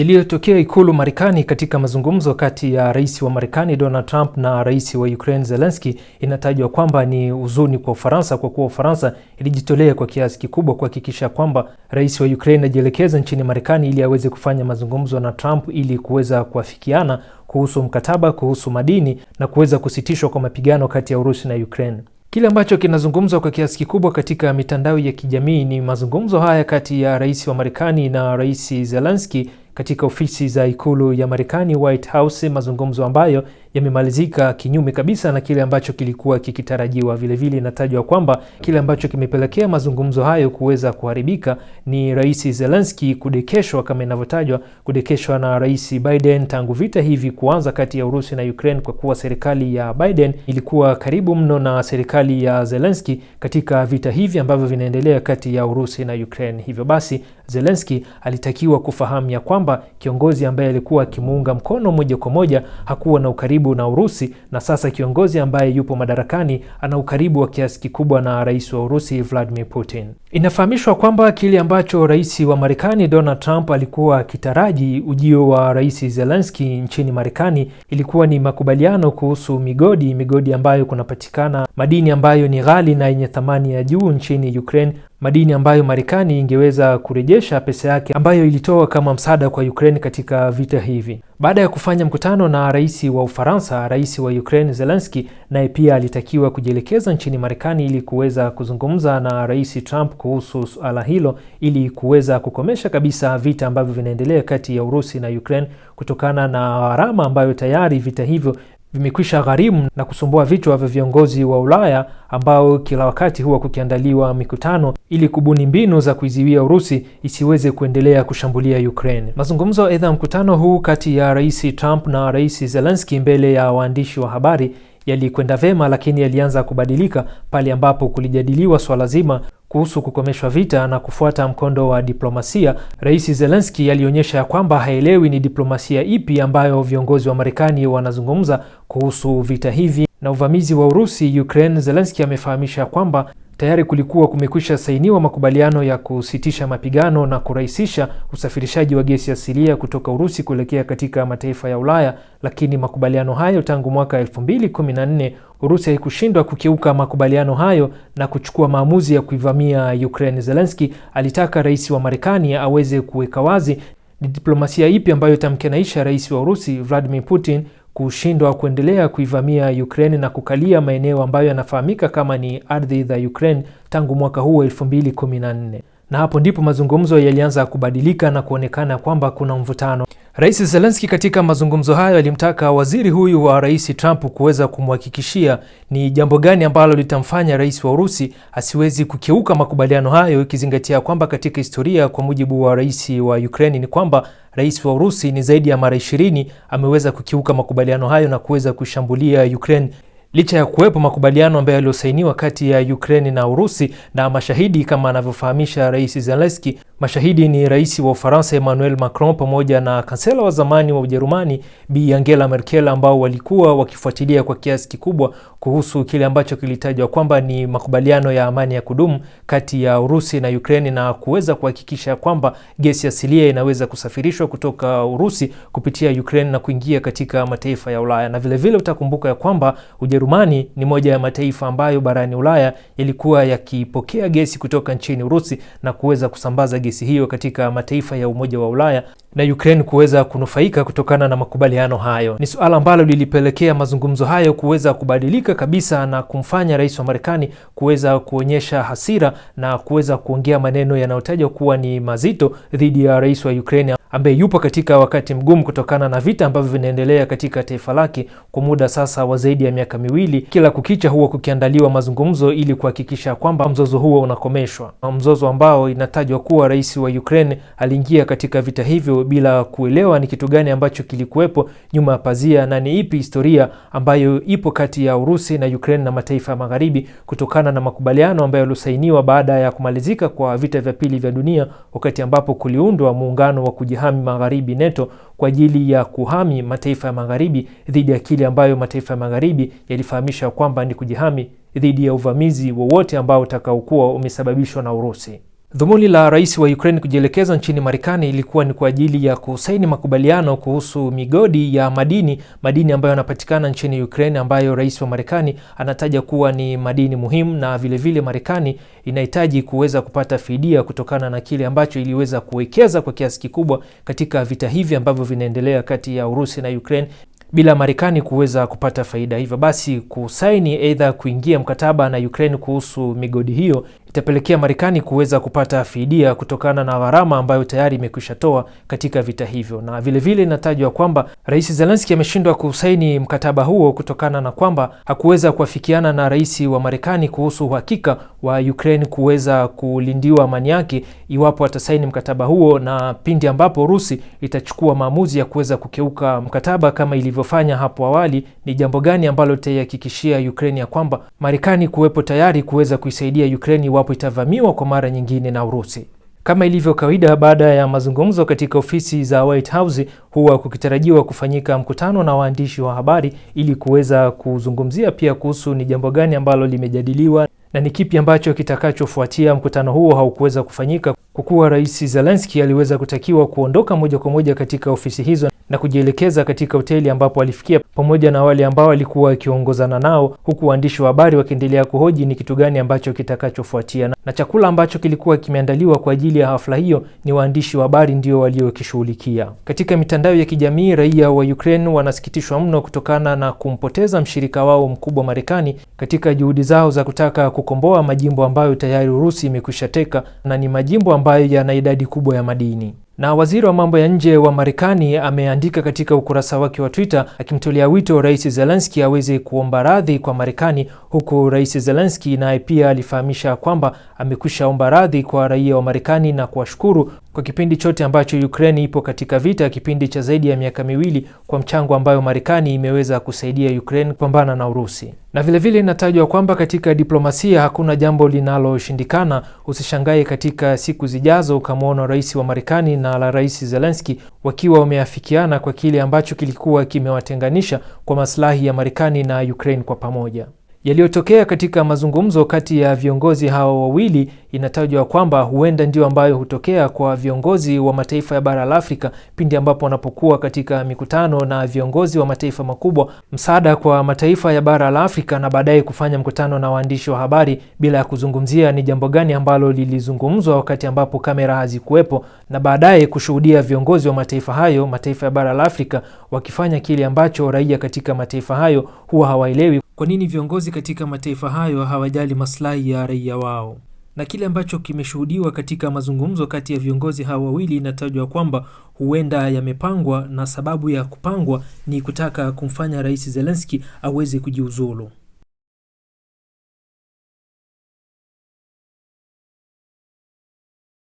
yaliyotokea ikulu Marekani katika mazungumzo kati ya rais wa Marekani Donald Trump na rais wa Ukraine Zelensky inatajwa kwamba ni huzuni kwa Ufaransa kwa kuwa Ufaransa ilijitolea kwa kiasi kikubwa kuhakikisha kwamba rais wa Ukraine ajielekeza nchini Marekani ili aweze kufanya mazungumzo na Trump ili kuweza kuafikiana kuhusu mkataba kuhusu madini na kuweza kusitishwa kwa mapigano kati ya Urusi na Ukraine. Kile ambacho kinazungumzwa kwa kiasi kikubwa katika mitandao ya kijamii ni mazungumzo haya kati ya rais wa Marekani na rais Zelensky katika ofisi za ikulu ya Marekani, White House, mazungumzo ambayo yamemalizika kinyume kabisa na kile ambacho kilikuwa kikitarajiwa. Vilevile inatajwa kwamba kile ambacho kimepelekea mazungumzo hayo kuweza kuharibika ni Rais Zelensky kudekeshwa, kama inavyotajwa, kudekeshwa na Rais Biden tangu vita hivi kuanza kati ya Urusi na Ukraine, kwa kuwa serikali ya Biden ilikuwa karibu mno na serikali ya Zelensky katika vita hivi ambavyo vinaendelea kati ya Urusi na Ukraine. Hivyo basi Zelenski alitakiwa kufahamu ya kwamba kiongozi ambaye alikuwa akimuunga mkono moja kwa moja hakuwa na ukaribu na Urusi, na sasa kiongozi ambaye yupo madarakani ana ukaribu wa kiasi kikubwa na rais wa Urusi Vladimir Putin. Inafahamishwa kwamba kile ambacho rais wa Marekani Donald Trump alikuwa akitaraji ujio wa rais zelenski nchini Marekani ilikuwa ni makubaliano kuhusu migodi, migodi ambayo kunapatikana madini ambayo ni ghali na yenye thamani ya juu nchini Ukraine madini ambayo Marekani ingeweza kurejesha pesa yake ambayo ilitoa kama msaada kwa Ukraine katika vita hivi. Baada ya kufanya mkutano na rais wa Ufaransa, rais wa Ukraine Zelensky naye pia alitakiwa kujielekeza nchini Marekani ili kuweza kuzungumza na rais Trump kuhusu suala hilo ili kuweza kukomesha kabisa vita ambavyo vinaendelea kati ya Urusi na Ukraine kutokana na gharama ambayo tayari vita hivyo vimekwisha gharimu na kusumbua vichwa vya viongozi wa Ulaya ambao kila wakati huwa kukiandaliwa mikutano ili kubuni mbinu za kuiziwia Urusi isiweze kuendelea kushambulia Ukraine. Mazungumzo aidha, mkutano huu kati ya Rais Trump na Rais Zelensky mbele ya waandishi wa habari yalikwenda vema, lakini yalianza kubadilika pale ambapo kulijadiliwa swala zima kuhusu kukomeshwa vita na kufuata mkondo wa diplomasia. Rais zelenski alionyesha ya kwamba haelewi ni diplomasia ipi ambayo viongozi wa Marekani wanazungumza kuhusu vita hivi na uvamizi wa Urusi Ukraine. zelenski amefahamisha ya kwamba tayari kulikuwa kumekwisha sainiwa makubaliano ya kusitisha mapigano na kurahisisha usafirishaji wa gesi asilia kutoka Urusi kuelekea katika mataifa ya Ulaya, lakini makubaliano hayo tangu mwaka 2014 Urusi haikushindwa kukiuka makubaliano hayo na kuchukua maamuzi ya kuivamia Ukraine. Zelensky alitaka rais wa Marekani aweze kuweka wazi ni diplomasia ipi ambayo itamkenaisha rais wa Urusi Vladimir Putin kushindwa kuendelea kuivamia Ukraine na kukalia maeneo ambayo yanafahamika kama ni ardhi za Ukraine tangu mwaka huu wa 2014. Na hapo ndipo mazungumzo yalianza kubadilika na kuonekana kwamba kuna mvutano. Rais Zelensky katika mazungumzo hayo alimtaka waziri huyu wa Rais Trump kuweza kumhakikishia ni jambo gani ambalo litamfanya rais wa Urusi asiwezi kukiuka makubaliano hayo, ikizingatia kwamba katika historia, kwa mujibu wa rais wa Ukraine, ni kwamba rais wa Urusi ni zaidi ya mara 20 ameweza kukiuka makubaliano hayo na kuweza kushambulia Ukraine licha ya kuwepo makubaliano ambayo yaliyosainiwa kati ya Ukraine na Urusi, na mashahidi kama anavyofahamisha Rais Zelensky Mashahidi ni rais wa Ufaransa Emmanuel Macron pamoja na kansela wa zamani wa Ujerumani Bi Angela Merkel ambao walikuwa wakifuatilia kwa kiasi kikubwa kuhusu kile ambacho kilitajwa kwamba ni makubaliano ya amani ya kudumu kati ya Urusi na Ukraine na kuweza kuhakikisha kwamba gesi asilia inaweza kusafirishwa kutoka Urusi kupitia Ukraine na kuingia katika mataifa ya Ulaya. Na vilevile utakumbuka ya kwamba Ujerumani ni moja ya mataifa ambayo barani Ulaya yalikuwa yakipokea gesi kutoka nchini Urusi na kuweza kusambaza gesi gesi hiyo katika mataifa ya Umoja wa Ulaya na Ukraine kuweza kunufaika kutokana na makubaliano hayo. Ni suala ambalo lilipelekea mazungumzo hayo kuweza kubadilika kabisa na kumfanya rais wa Marekani kuweza kuonyesha hasira na kuweza kuongea maneno yanayotajwa kuwa ni mazito dhidi ya rais wa Ukraine ambaye yupo katika wakati mgumu kutokana na vita ambavyo vinaendelea katika taifa lake kwa muda sasa wa zaidi ya miaka miwili. Kila kukicha huwa kukiandaliwa mazungumzo ili kuhakikisha kwamba mzozo huo unakomeshwa, mzozo ambao inatajwa kuwa rais wa Ukraine aliingia katika vita hivyo bila kuelewa ni kitu gani ambacho kilikuwepo nyuma ya pazia na ni ipi historia ambayo ipo kati ya Urusi na Ukraine na mataifa ya magharibi kutokana na makubaliano ambayo yaliosainiwa baada ya kumalizika kwa vita vya pili vya dunia, wakati ambapo kuliundwa muungano wa kuji kujihami magharibi NETO kwa ajili ya kuhami mataifa ya magharibi dhidi ya kile ambayo mataifa ya magharibi yalifahamisha kwamba ni kujihami dhidi ya uvamizi wowote ambao utakaokuwa umesababishwa na Urusi. Dhumuni la rais wa Ukraine kujielekeza nchini Marekani ilikuwa ni kwa ajili ya kusaini makubaliano kuhusu migodi ya madini, madini ambayo yanapatikana nchini Ukraine ambayo rais wa Marekani anataja kuwa ni madini muhimu, na vilevile Marekani inahitaji kuweza kupata fidia kutokana na kile ambacho iliweza kuwekeza kwa kiasi kikubwa katika vita hivi ambavyo vinaendelea kati ya Urusi na Ukraine bila Marekani kuweza kupata faida. Hivyo basi kusaini, aidha kuingia mkataba na Ukraine kuhusu migodi hiyo itapelekea Marekani kuweza kupata fidia kutokana na gharama ambayo tayari imekwisha toa katika vita hivyo. Na vilevile inatajwa vile kwamba Rais Zelenski ameshindwa kusaini mkataba huo kutokana na kwamba hakuweza kuafikiana na rais wa Marekani kuhusu uhakika wa Ukraine kuweza kulindiwa amani yake iwapo atasaini mkataba huo, na pindi ambapo Urusi itachukua maamuzi ya kuweza kukeuka mkataba kama ilivyofanya hapo awali, ni jambo gani ambalo itaihakikishia Ukraine ya kwamba Marekani kuwepo tayari kuweza kuisaidia Ukraine iwapo itavamiwa kwa mara nyingine na Urusi. Kama ilivyo kawaida, baada ya mazungumzo katika ofisi za White House huwa kukitarajiwa kufanyika mkutano na waandishi wa habari ili kuweza kuzungumzia pia kuhusu ni jambo gani ambalo limejadiliwa na ni kipi ambacho kitakachofuatia. Mkutano huo haukuweza kufanyika kwa kuwa Rais Zelensky aliweza kutakiwa kuondoka moja kwa moja katika ofisi hizo na kujielekeza katika hoteli ambapo alifikia pamoja na wale ambao alikuwa akiongozana nao, huku waandishi wa habari wakiendelea kuhoji ni kitu gani ambacho kitakachofuatia. Na chakula ambacho kilikuwa kimeandaliwa kwa ajili ya hafla hiyo ni waandishi wa habari ndio waliokishughulikia. Katika mitandao ya kijamii, raia wa Ukraine wanasikitishwa mno kutokana na kumpoteza mshirika wao mkubwa Marekani katika juhudi zao za kutaka kukomboa majimbo ambayo tayari Urusi imekwisha teka na ni majimbo ambayo yana idadi kubwa ya madini. Na waziri wa mambo ya nje wa Marekani ameandika katika ukurasa wake wa Twitter akimtolea wito Rais Zelensky aweze kuomba radhi kwa Marekani, huku Rais Zelensky naye pia alifahamisha kwamba amekwisha omba radhi kwa raia wa Marekani na kuwashukuru kwa kipindi chote ambacho Ukraine ipo katika vita, kipindi cha zaidi ya miaka miwili, kwa mchango ambayo Marekani imeweza kusaidia Ukraine kupambana na Urusi. Na vilevile inatajwa kwamba katika diplomasia hakuna jambo linaloshindikana. Usishangae katika siku zijazo ukamwona rais wa Marekani na la rais Zelensky wakiwa wameafikiana kwa kile ambacho kilikuwa kimewatenganisha kwa maslahi ya Marekani na Ukraine kwa pamoja. Yaliyotokea katika mazungumzo kati ya viongozi hao wawili inatajwa kwamba huenda ndio ambayo hutokea kwa viongozi wa mataifa ya bara la Afrika pindi ambapo wanapokuwa katika mikutano na viongozi wa mataifa makubwa, msaada kwa mataifa ya bara la Afrika, na baadaye kufanya mkutano na waandishi wa habari bila ya kuzungumzia ni jambo gani ambalo lilizungumzwa wakati ambapo kamera hazikuwepo, na baadaye kushuhudia viongozi wa mataifa hayo, mataifa ya bara la Afrika, wakifanya kile ambacho raia katika mataifa hayo huwa hawaelewi. Kwa nini viongozi katika mataifa hayo hawajali maslahi ya raia wao? Na kile ambacho kimeshuhudiwa katika mazungumzo kati ya viongozi hawa wawili inatajwa kwamba huenda yamepangwa na sababu ya kupangwa ni kutaka kumfanya Rais Zelensky aweze kujiuzulu.